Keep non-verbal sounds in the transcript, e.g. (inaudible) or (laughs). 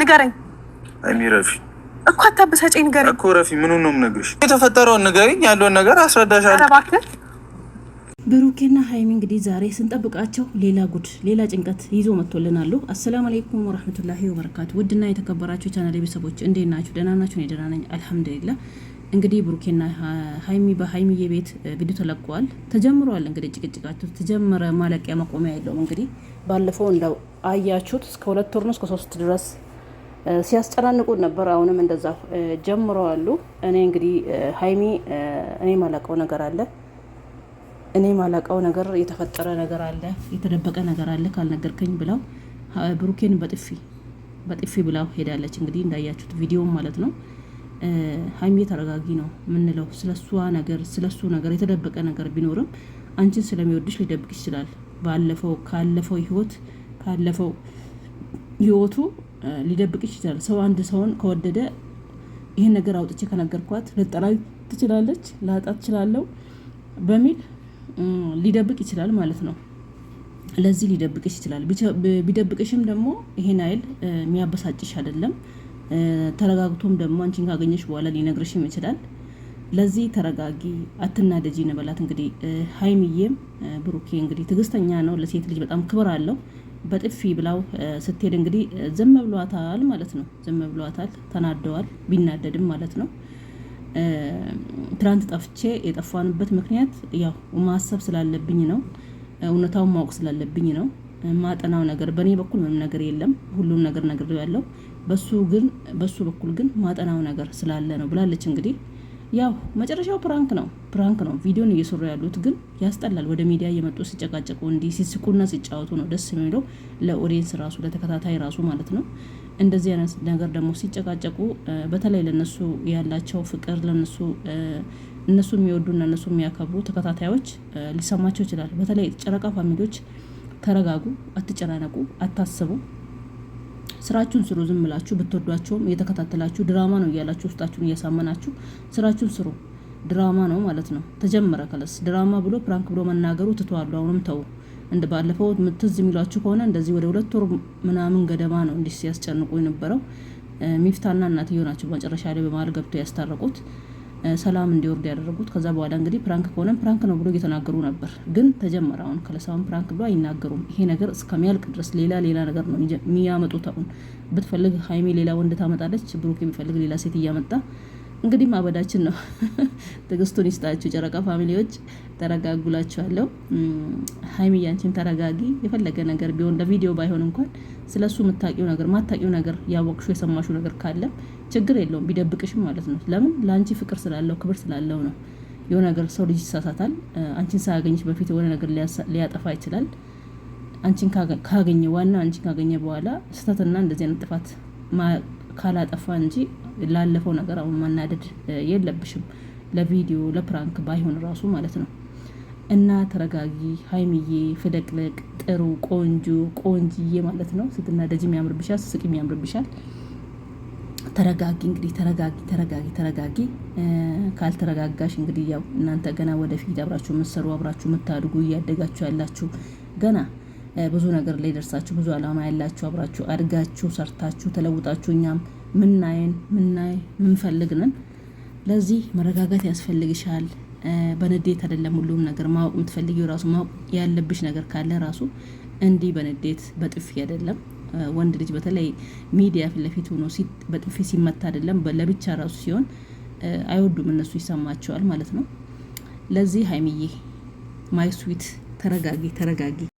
ንገረኝ እሚረፊ እኮ አታበሳጨኝ፣ ንገረኝ እኮ ረፊ። ምኑን ነው የምነግርሽ? የተፈጠረውን ንገሪኝ፣ ያለውን ነገር አስረዳሻለሁ። ብሩኬና ሀይሚ እንግዲህ ዛሬ ስንጠብቃቸው ሌላ ጉድ፣ ሌላ ጭንቀት ይዞ መጥቶልናሉ። አሰላሙ አለይኩም ወረህመቱላሂ ወበረካቱ። ውድና የተከበራችሁ ቻናል ቤተሰቦች እንዴት ናችሁ? ደህና ናችሁ? እኔ ደህና ነኝ አልሐምዱሊላ። እንግዲህ ብሩኬና ሀይሚ በሀይሚዬ ቤት ቪዲዮ ተለቀዋል። ተጀምረዋል። እንግዲህ ጭቅጭቃቸው ተጀመረ፣ ማለቂያ መቆሚያ የለውም። እንግዲህ ባለፈው እንዳው አያችሁት እስከ ሁለት ወር ነው እስከ ሶስት ድረስ ሲያስጨናንቁን ነበር። አሁንም እንደዛ ጀምረዋሉ። እኔ እንግዲህ ሀይሚ እኔ ማላቀው ነገር አለ እኔ ማላቀው ነገር የተፈጠረ ነገር አለ የተደበቀ ነገር አለ ካልነገርከኝ ብለው ብሩኬን በጥፊ በጥፊ ብላው ሄዳለች። እንግዲህ እንዳያችሁት ቪዲዮ ማለት ነው። ሀይሚ ተረጋጊ ነው የምንለው። ስለሷ ነገር ስለሱ ነገር የተደበቀ ነገር ቢኖርም አንቺን ስለሚወድሽ ሊደብቅ ይችላል። ባለፈው ካለፈው ህይወት ካለፈው ህይወቱ ሊደብቅ ይችላል። ሰው አንድ ሰውን ከወደደ ይህን ነገር አውጥቼ ከነገርኳት ልጠላይ ትችላለች፣ ላጣ ትችላለው በሚል ሊደብቅ ይችላል ማለት ነው። ለዚህ ሊደብቅሽ ይችላል። ቢደብቅሽም ደግሞ ይሄን አይል የሚያበሳጭሽ አይደለም። ተረጋግቶም ደግሞ አንቺን ካገኘሽ በኋላ ሊነግርሽም ይችላል። ለዚህ ተረጋጊ፣ አትናደጂ ነበላት። እንግዲህ ሀይሚዬም ብሩኬ እንግዲህ ትግስተኛ ነው፣ ለሴት ልጅ በጣም ክብር አለው። በጥፊ ብላው ስትሄድ እንግዲህ ዝም ብሏታል ማለት ነው። ዝም ብሏታል፣ ተናደዋል። ቢናደድም ማለት ነው። ትናንት ጠፍቼ የጠፋንበት ምክንያት ያው ማሰብ ስላለብኝ ነው። እውነታውን ማወቅ ስላለብኝ ነው። ማጠናው ነገር በእኔ በኩል ምንም ነገር የለም። ሁሉም ነገር ነግሬው ያለው በሱ ግን በሱ በኩል ግን ማጠናው ነገር ስላለ ነው ብላለች እንግዲህ ያው መጨረሻው ፕራንክ ነው ፕራንክ ነው ቪዲዮን እየሰሩ ያሉት ግን ያስጠላል። ወደ ሚዲያ እየመጡ ሲጨቃጨቁ እንዲህ ሲስቁና ሲጫወቱ ነው ደስ የሚለው ለኦዲየንስ ራሱ ለተከታታይ ራሱ ማለት ነው። እንደዚህ አይነት ነገር ደግሞ ሲጨቃጨቁ በተለይ ለነሱ ያላቸው ፍቅር ለነሱ እነሱ የሚወዱና እነሱ የሚያከብሩ ተከታታዮች ሊሰማቸው ይችላል። በተለይ ጨረቃ ፋሚሊዎች ተረጋጉ፣ አትጨናነቁ፣ አታስቡ። ስራችሁን ስሩ። ዝም ብላችሁ ብትወዷቸውም እየተከታተላችሁ ድራማ ነው እያላችሁ ውስጣችሁን እያሳመናችሁ ስራችሁን ስሩ። ድራማ ነው ማለት ነው። ተጀመረ ከለስ ድራማ ብሎ ፕራንክ ብሎ መናገሩ ትተዋሉ። አሁንም ተው እንደ ባለፈው ምትዝ የሚሏችሁ ከሆነ እንደዚህ ወደ ሁለት ወር ምናምን ገደማ ነው እንዲህ ሲያስጨንቁ የነበረው ሚፍታና እናትየው ናቸው በመጨረሻ ላይ በመሀል ገብቶ ያስታረቁት። ሰላም እንዲወርድ ያደረጉት። ከዛ በኋላ እንግዲህ ፕራንክ ከሆነም ፕራንክ ነው ብሎ እየተናገሩ ነበር። ግን ተጀመረ። አሁን ከለሳውን ፕራንክ ብሎ አይናገሩም። ይሄ ነገር እስከሚያልቅ ድረስ ሌላ ሌላ ነገር ነው የሚያመጡት። አሁን ብትፈልግ ሀይሜ ሌላ ወንድ ታመጣለች፣ ብሩክ የሚፈልግ ሌላ ሴት እያመጣ እንግዲህ ማበዳችን ነው። (laughs) ትዕግስቱን ይስጣችሁ ጨረቃ ፋሚሊዎች፣ ተረጋጉላችኋለሁ። ሀይሚ ተረጋጊ። የፈለገ ነገር ቢሆን ለቪዲዮ ባይሆን እንኳን ስለ እሱ የምታውቂው ነገር ማታውቂው ነገር ያወቅሹ የሰማሹ ነገር ካለም ችግር የለውም ቢደብቅሽም ማለት ነው። ለምን ለአንቺ ፍቅር ስላለው ክብር ስላለው ነው። የሆነ ነገር ሰው ልጅ ይሳሳታል። አንቺን ሳያገኝሽ በፊት የሆነ ነገር ሊያጠፋ ይችላል። አንቺን ካገኘ ዋና አንቺን ካገኘ በኋላ ስህተትና እንደዚህ አይነት ጥፋት ካላጠፋ እንጂ ላለፈው ነገር አሁን መናደድ የለብሽም። ለቪዲዮ ለፕራንክ ባይሆን ራሱ ማለት ነው። እና ተረጋጊ ሀይሚዬ፣ ፍለቅለቅ ጥሩ ቆንጆ ቆንጅዬ ማለት ነው። ስትናደጂ የሚያምርብሻል፣ ስትስቂ የሚያምርብሻል። ተረጋጊ እንግዲህ ተረጋጊ ተረጋጊ ተረጋጊ። ካልተረጋጋሽ እንግዲህ ያው እናንተ ገና ወደፊት አብራችሁ የምትሰሩ አብራችሁ የምታድጉ እያደጋችሁ ያላችሁ ገና ብዙ ነገር ላይ ደርሳችሁ ብዙ አላማ ያላችሁ አብራችሁ አድጋችሁ ሰርታችሁ ተለውጣችሁ እኛም ምናየን ምናይ ምንፈልግንን ለዚህ መረጋጋት ያስፈልግሻል። በንዴት አይደለም ሁሉም ነገር ማወቅ የምትፈልጊው ራሱ ማወቅ ያለብሽ ነገር ካለ ራሱ እንዲህ በንዴት በጥፊ አይደለም። ወንድ ልጅ በተለይ ሚዲያ ፊት ለፊት ሆኖ በጥፊ ሲመታ አይደለም ለብቻ ራሱ ሲሆን አይወዱም እነሱ ይሰማቸዋል ማለት ነው። ለዚህ ሀይሚዬ ማይ ስዊት ተረጋጊ ተረጋጊ።